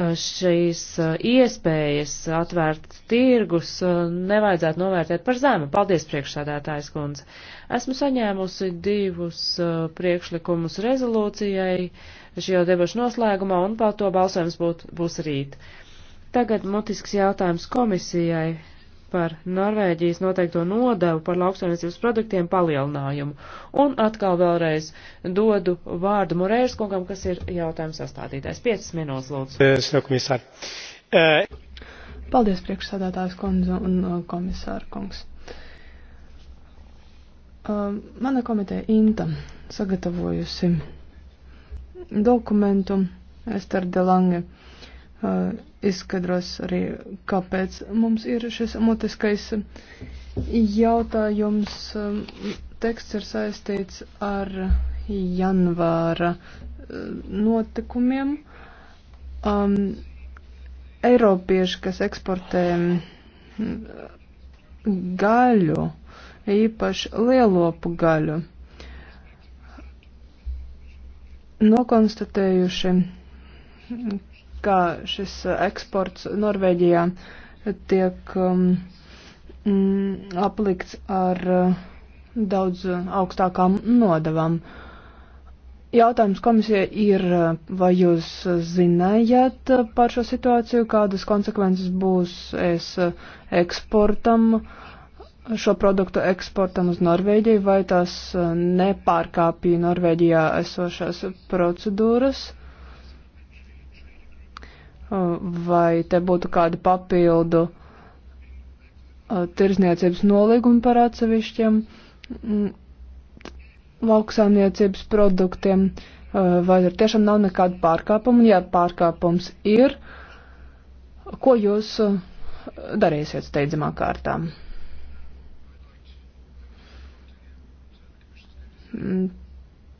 Eh, šīs eh, iespējas atvērt tirgus eh, nevajadzētu novērtēt par zemu. Paldies, priekšsādātājs kundze. Esmu saņēmusi divus priekšlikumus rezolūcijai šajā debašu noslēgumā, un par to balsojums būt, būs rīt. Tagad mutisks jautājums komisijai par Norvēģijas noteikto nodevu par lauksaimniecības produktiem palielinājumu. Un atkal vēlreiz dodu vārdu Morēras kungam, kas ir jautājums sastādītājs. 5 minūtes, lūdzu. Eh, Paldies, priekšsādātājs kundze un eh, komisāra kungs. Eh, mana komiteja Inta sagatavojusi dokumentu Ester Delange Eh, izskaidros arī, kāpēc mums ir šis mutiskais jautājums. Eh, teksts ir saistīts ar janvāra eh, notikumiem. Um, Eiropieši, kas eksportē mm, gaļu, īpaši lielopu gaļu, nokonstatējuši, kā šis eksports Norvēģijā tiek um, mm, aplikts ar uh, daudz augstākām nodavām. Jautājums komisija ir, uh, vai jūs zinājāt par šo situāciju, kādas konsekvences būs es uh, eksportam, šo produktu eksportam uz Norvēģiju, vai tas uh, nepārkāpja Norvēģijā esošās procedūras? vai te būtu kāda papildu uh, tirzniecības nolīguma par atsevišķiem mm, lauksāniecības produktiem, uh, vai ar tiešām nav nekāda pārkāpuma, ja pārkāpums ir, ko jūs uh, darīsiet steidzamā kārtā? Mm,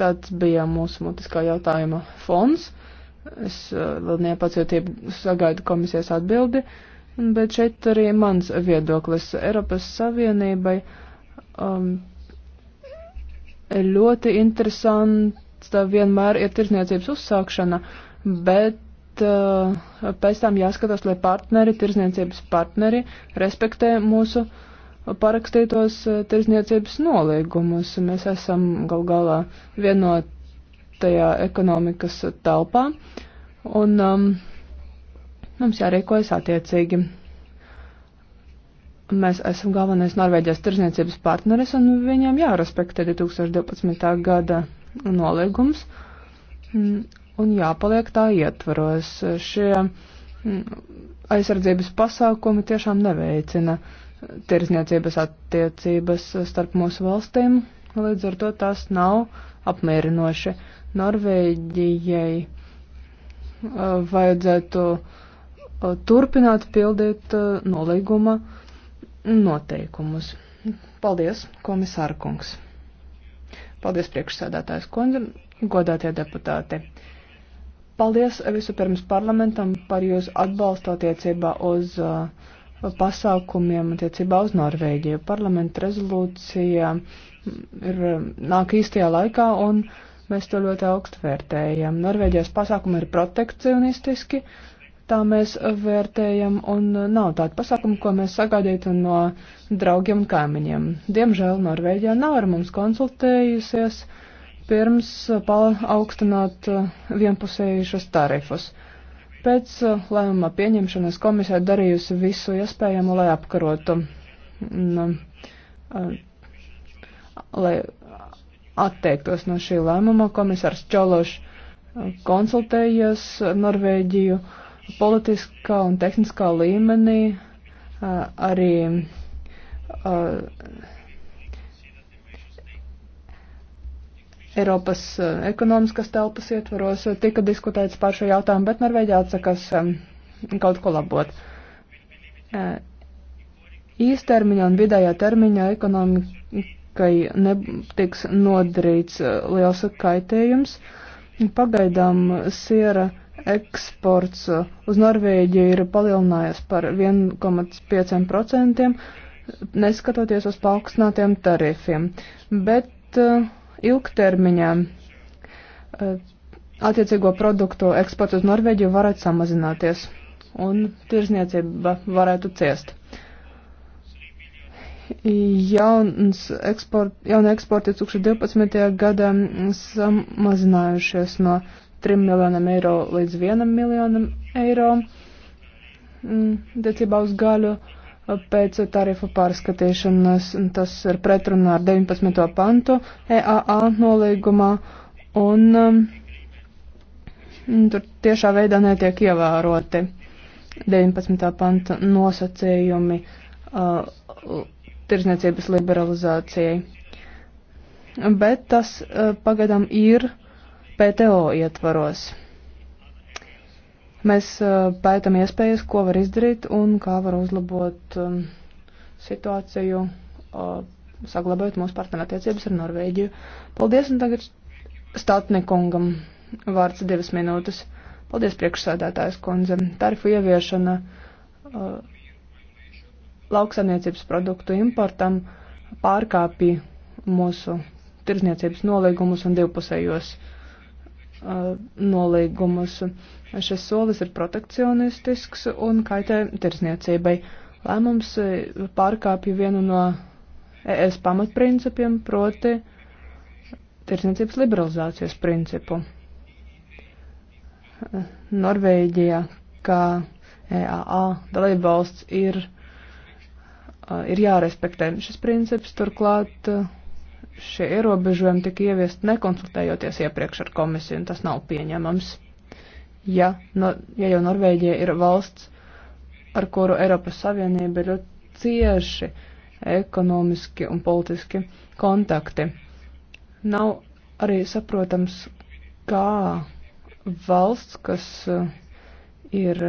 tāds bija mūsu mutiskā jautājuma fons. Es eh, vēl nepacietību sagaidu komisijas atbildi, bet šeit arī mans viedoklis Eiropas Savienībai. Um, ļoti interesanta vienmēr ir tirzniecības uzsākšana, bet uh, pēc tam jāskatās, lai partneri, tirzniecības partneri respektē mūsu parakstītos eh, tirzniecības nolīgumus. Mēs esam gal galā vienot vienotajā ekonomikas telpā, un um, mums jārīkojas attiecīgi. Mēs esam galvenais Norvēģijas tirzniecības partneris, un viņam jārespektē 2012. gada nolīgums un jāpaliek tā ietvaros. Šie mm, aizsardzības pasākumi tiešām neveicina tirzniecības attiecības starp mūsu valstīm, līdz ar to tās nav apmierinoši. Norvēģijai vajadzētu turpināt pildīt nolīguma noteikumus. Paldies, komisāra kungs. Paldies, priekšsēdētājs kundze, godātie deputāti. Paldies vispirms parlamentam par jūsu atbalstu attiecībā uz pasākumiem attiecībā uz Norvēģiju. Parlamenta rezolūcija ir, nāk īstajā laikā un uh, Mēs to ļoti augstu vērtējam. Norvēģijas pasākumi ir protekcionistiski, tā mēs vērtējam, un nav tāda pasākuma, ko mēs sagaidītu no draugiem un kaimiņiem. Diemžēl Norvēģija nav ar mums konsultējusies pirms paaugstināt vienpusējušas tarifus. Pēc lēmuma pieņemšanas komisija darījusi visu iespējamo, lai apkarotu, un, mm, lai atteiktos no šī lēmuma. Komisārs Čološs uh, konsultējies Norvēģiju politiskā un tehniskā līmenī, uh, arī uh, Eiropas ekonomiskas telpas ietvaros tika diskutēts par šo jautājumu, bet Norvēģija atsakās um, kaut ko labot. Īstermiņa un vidējā termiņa ekonomika ekonomikai netiks nodarīts e, liels kaitējums. Pagaidām siera eksports e, uz Norvēģiju ir palielinājies par 1,5%, neskatoties uz paaugstinātiem tarifiem. Bet uh, ilgtermiņā uh, attiecīgo produktu eksports uz Norvēģiju varētu samazināties un tirzniecība varētu ciest jauns eksport, jauna eksporta 2012. gadā samazinājušies no 3 miljoniem eiro līdz 1 miljonam eiro decībā mm, uz gaļu pēc tarifu pārskatīšanas. Tas ir pretrunā ar 19. pantu EAA nolīgumā un um, tur tiešā veidā netiek ievēroti 19. panta nosacījumi. Uh, tirzniecības liberalizācijai. Bet tas eh, pagadam ir PTO ietvaros. Mēs eh, pētam iespējas, ko var izdarīt un kā var uzlabot um, situāciju, eh, saglabājot mūsu partnerattiecības ar Norvēģiju. Paldies, un tagad statnikungam vārds divas minūtes. Paldies, priekšsēdētājs kundze. Tarifu ieviešana. Uh, lauksaimniecības produktu importam pārkāpj mūsu tirzniecības nolīgumus un divpusējos uh, nolīgumus. Šis solis ir protekcionistisks un kaitē tirzniecībai. Lēmums pārkāpj vienu no ES pamatprincipiem, proti tirsniecības liberalizācijas principu. Norvēģija, kā EAA dalībvalsts, ir ir jārespektē šis princips. Turklāt šie ierobežojumi tika ieviest nekonsultējoties iepriekš ar komisiju, un tas nav pieņemams. Ja, no, ja jau Norvēģija ir valsts, ar kuru Eiropas Savienība ir ļoti cieši ekonomiski un politiski kontakti, nav arī saprotams, kā valsts, kas ir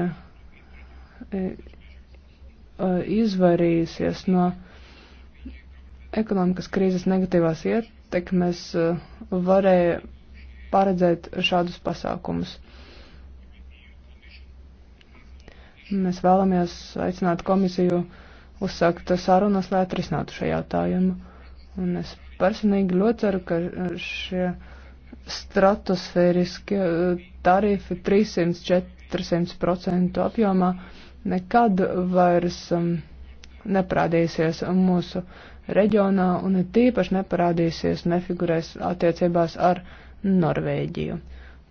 Eh, izvairījusies no ekonomikas krīzes negatīvās ietekmes, eh, varēja paredzēt šādus pasākumus. Mēs vēlamies aicināt komisiju uzsākt sarunas, lai atrisinātu šo jautājumu. Un es personīgi ļoti ceru, ka eh, šie stratosfēriskie tarifi 300-400% apjomā nekad vairs um, neparādīsies mūsu reģionā un tīpaši neparādīsies, nefigurēs attiecībās ar Norvēģiju.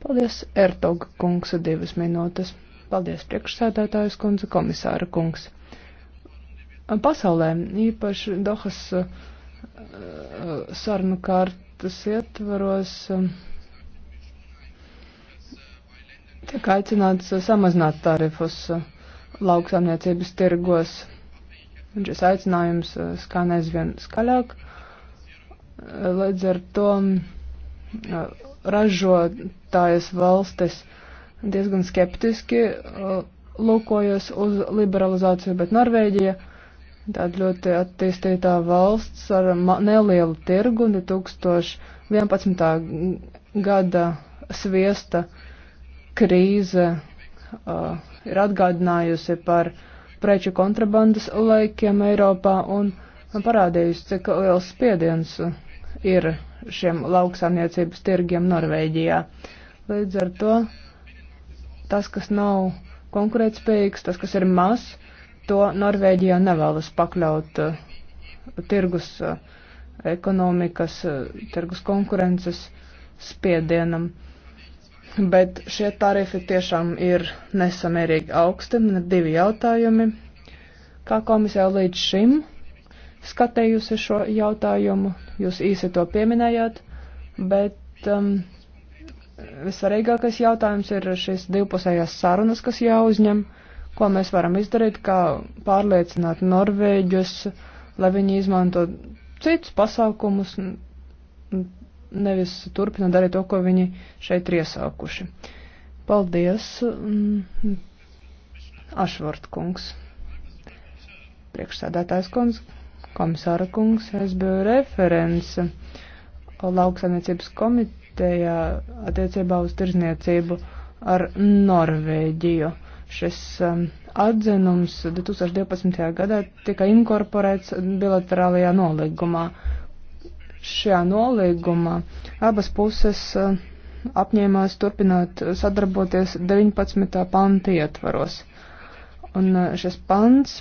Paldies, Ertog kungs, divas minūtes. Paldies, priekšsēdētājs kundze, komisāra kungs. Pasaulē, īpaši Dohas uh, sarunu kārtas ietvaros, um, tiek aicināts samazināt tarifus. Uh, lauksaimniecības tirgos. Un šis aicinājums uh, skan aizvien skaļāk. Uh, līdz ar to mm, uh, ražotājas valstis diezgan skeptiski lūkojas uz liberalizāciju, bet Norvēģija tāda ļoti attīstītā valsts ar nelielu tirgu un 2011. gada sviesta krīze uh, ir atgādinājusi par preču kontrabandas laikiem Eiropā un parādījusi, cik liels spiediens ir šiem lauksaimniecības tirgiem Norvēģijā. Līdz ar to tas, kas nav konkurētspējīgs, tas, kas ir maz, to Norvēģijā nevēlas pakļaut uh, tirgus uh, ekonomikas, uh, tirgus konkurences spiedienam. Uh, bet šie tarifi tiešām ir nesamērīgi augsti. Man ir divi jautājumi. Kā komisija līdz šim skatējusi šo jautājumu? Jūs īsi to pieminējāt, bet um, visvarīgākais jautājums ir šīs divpusējās sarunas, kas jāuzņem, ko mēs varam izdarīt, kā pārliecināt Norvēģus, lai viņi izmanto citus pasākumus nevis turpina darīt to, ko viņi šeit ir iesākuši. Paldies, mm, Ašvart kungs, priekšsēdētājs kungs, komisāra kungs, es biju referents lauksaimniecības komitejā attiecībā uz tirzniecību ar Norvēģiju. Šis um, atzinums 2012. gadā tika inkorporēts bilaterālajā nolīgumā šajā nolīgumā abas puses eh, apņēmās turpināt eh, sadarboties 19. panta ietvaros. Un eh, šis pants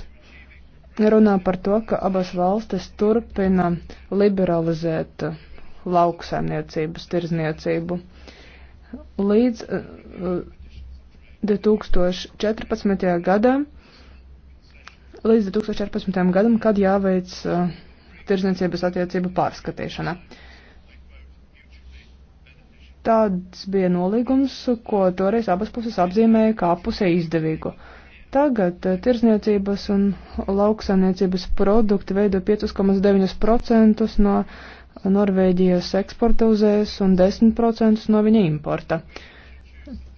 runā par to, ka abas valstis turpina liberalizēt lauksaimniecības tirzniecību. Līdz 2014. gadam, līdz 2014. gadam, kad jāveic uh, tirzniecības attiecību pārskatīšana. Tāds bija nolīgums, ko toreiz abas puses apzīmēja kā pusē izdevīgu. Tagad eh, tirzniecības un lauksaimniecības produkti veido 5,9% no Norvēģijas eksporta uz ES un 10% no viņa importa.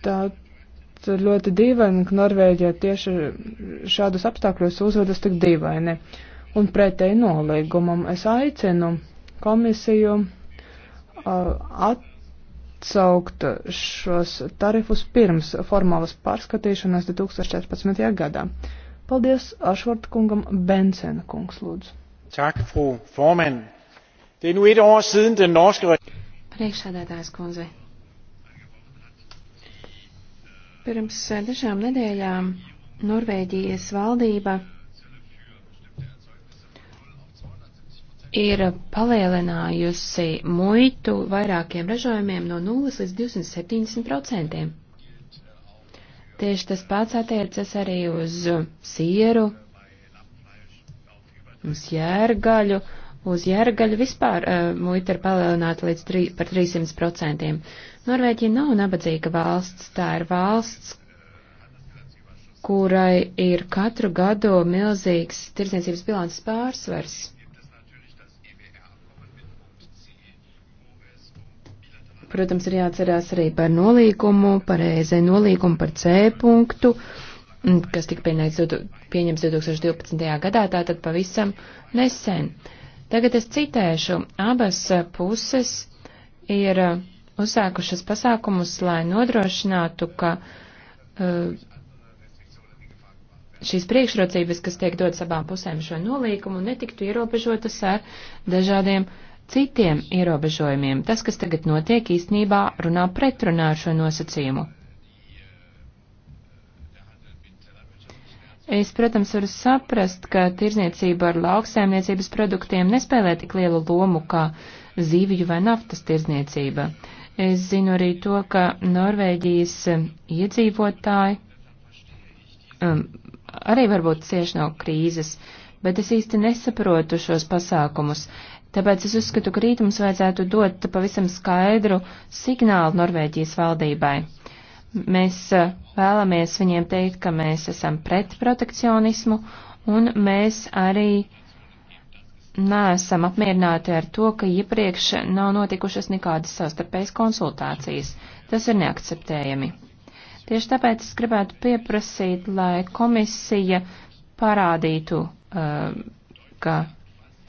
Tā ļoti dīvaini, ka Norvēģija tieši šādos apstākļos uzvedas tik dīvaini. Uh, un pretēji nolīgumam. Es aicinu komisiju uh, atsaukt šos tarifus pirms formālas pārskatīšanas 2014. gadā. Paldies Ašvarta kungam Bensena kungs lūdzu. Tak, fru formand. Det er nu et år siden den norske... Priekšsēdētājs kundze. Pirms eh, dažām nedēļām Norvēģijas valdība ir palielinājusi muitu vairākiem ražojumiem no 0 līdz 270%. Tieši tas pats attiecas arī uz sieru, uz jērgaļu. Uz jērgaļu vispār uh, muita ir palielināta līdz tri, par 300%. Norvēģija nav nabadzīga valsts, tā ir valsts, kurai ir katru gadu milzīgs tirdzniecības bilances pārsvars. Protams, ir jāatcerās arī par nolīgumu, pareizai nolīgumu par C punktu, mm, kas tika pieņemts 2012. gadā, tātad pavisam nesen. Tagad es citēšu, abas puses ir uh, uzsākušas pasākumus, lai nodrošinātu, ka uh, šīs priekšrocības, kas tiek dotas abām pusēm šo nolīkumu, netiktu ierobežotas ar dažādiem uh, citiem ierobežojumiem. Tas, kas tagad notiek, īstenībā runā pretrunā ar šo nosacījumu. Es, protams, varu saprast, ka tirzniecība ar lauksēmniecības produktiem nespēlē tik lielu lomu kā zīviju vai naftas tirzniecība. Es zinu arī to, ka Norvēģijas um, iedzīvotāji um, arī varbūt cieši no krīzes, bet es īsti nesaprotu šos pasākumus. Tāpēc es uzskatu, ka rīt mums vajadzētu dot pavisam skaidru signālu Norvēģijas valdībai. Mēs eh, vēlamies viņiem teikt, ka mēs esam pret protekcionismu un mēs arī neesam apmierināti ar to, ka iepriekš nav notikušas nekādas savstarpējas konsultācijas. Tas ir neakceptējami. Tieši tāpēc es gribētu pieprasīt, lai komisija parādītu, eh, ka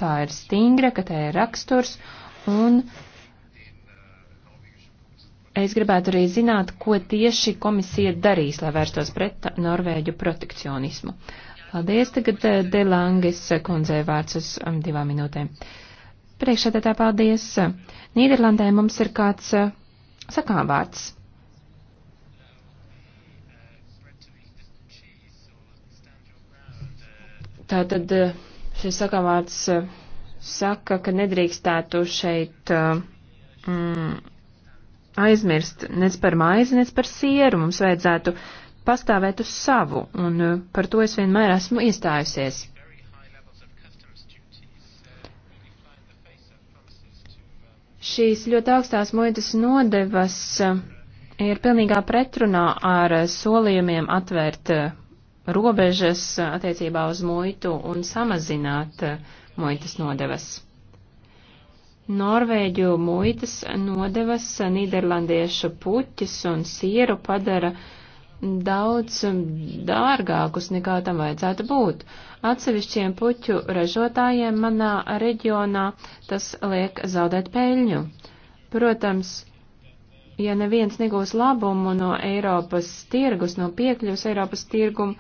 tā ir stingra, ka tā ir raksturs, un es gribētu arī zināt, ko tieši komisija darīs, lai vērstos pret Norvēģu protekcionismu. Paldies, tagad eh, Delangis kundzei vārds uz um, divām minūtēm. Priekšsēdētā paldies. Nīderlandē mums ir kāds eh, sakāvārds. Tātad eh, sakavārds eh, saka, ka nedrīkstētu šeit eh, mm, aizmirst nec par maizi, nec par sieru. Mums vajadzētu pastāvēt uz savu, un eh, par to es vienmēr esmu iestājusies. Šīs ļoti augstās muitas nodevas ir pilnīgā pretrunā ar solījumiem atvērt robežas attiecībā uz muitu un samazināt muitas nodevas. Norvēģu muitas nodevas nīderlandiešu puķis un sieru padara daudz dārgākus nekā tam vajadzētu būt. Atsevišķiem puķu ražotājiem manā reģionā tas liek zaudēt peļņu. Protams, ja neviens negūs labumu no Eiropas tirgus, no piekļuvas Eiropas tirgumu,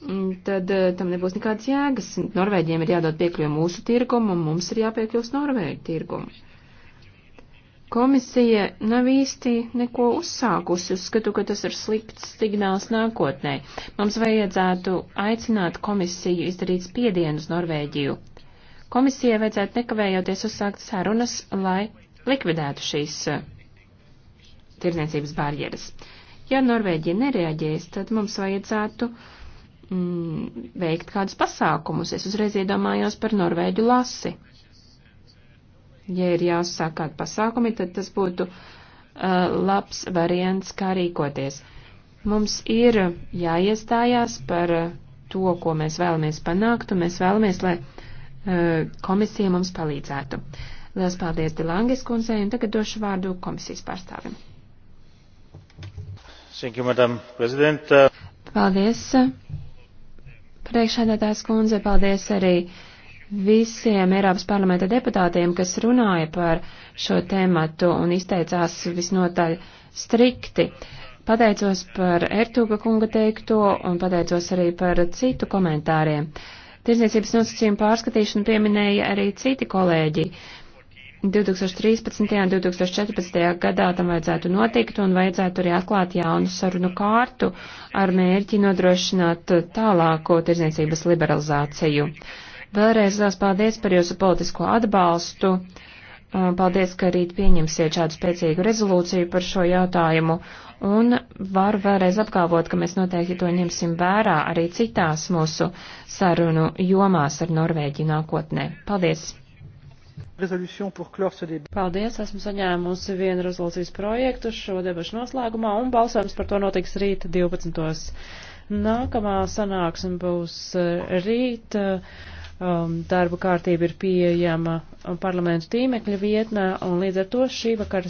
mm, tad eh, tam nebūs nekādas jēgas. Norvēģiem ir jādod piekļuva mūsu tirgumu, un mums ir jāpiekļūst Norvēģu tirgumu. Komisija nav īsti neko uzsākusi, uzskatu, ka tas ir slikts signāls nākotnē. Mums vajadzētu aicināt komisiju izdarīt spiedienu uz Norvēģiju. Komisijai vajadzētu nekavējoties uzsākt sarunas, lai likvidētu šīs eh, tirdzniecības barjeras. Ja Norvēģija nereaģēs, tad mums vajadzētu mm, veikt kādus pasākumus. Es uzreiz iedomājos par Norvēģu lasi. Ja ir jāuzsāk kādi pasākumi, tad tas būtu uh, labs variants, kā rīkoties. Mums ir jāiestājās par uh, to, ko mēs vēlamies panākt, un mēs vēlamies, lai uh, komisija mums palīdzētu. Lielas paldies Dilanges kundzei, un tagad došu vārdu komisijas pārstāvim. Paldies, priekšādātājs kundze, paldies arī visiem Eiropas parlamenta deputātiem, kas runāja par šo tēmatu un izteicās visnotaļ strikti. Pateicos par Ertūga kunga teikto un pateicos arī par citu komentāriem. Tirzniecības nosacījumu pārskatīšanu pieminēja arī citi kolēģi. Uh, 2013. un 2014. gadā tam vajadzētu notikt un vajadzētu arī atklāt jaunu sarunu kārtu ar mērķi nodrošināt tālāko tirzniecības liberalizāciju. Vēlreiz liels paldies par jūsu politisko atbalstu. Uh, paldies, ka rīt pieņemsiet šādu spēcīgu rezolūciju par šo jautājumu. Un varu vēlreiz apgalvot, ka mēs noteikti to ņemsim vērā arī citās mūsu sarunu jomās ar Norvēģiju nākotnē. Paldies! Paldies, esmu saņēmusi vienu rezolūcijas projektu šo debašu noslēgumā un balsojums par to notiks rīt 12. Nākamā sanāksme būs eh, rīt. Eh, um, darba kārtība ir pieejama um, parlamentu tīmekļa vietnē un līdz ar to šī vakara.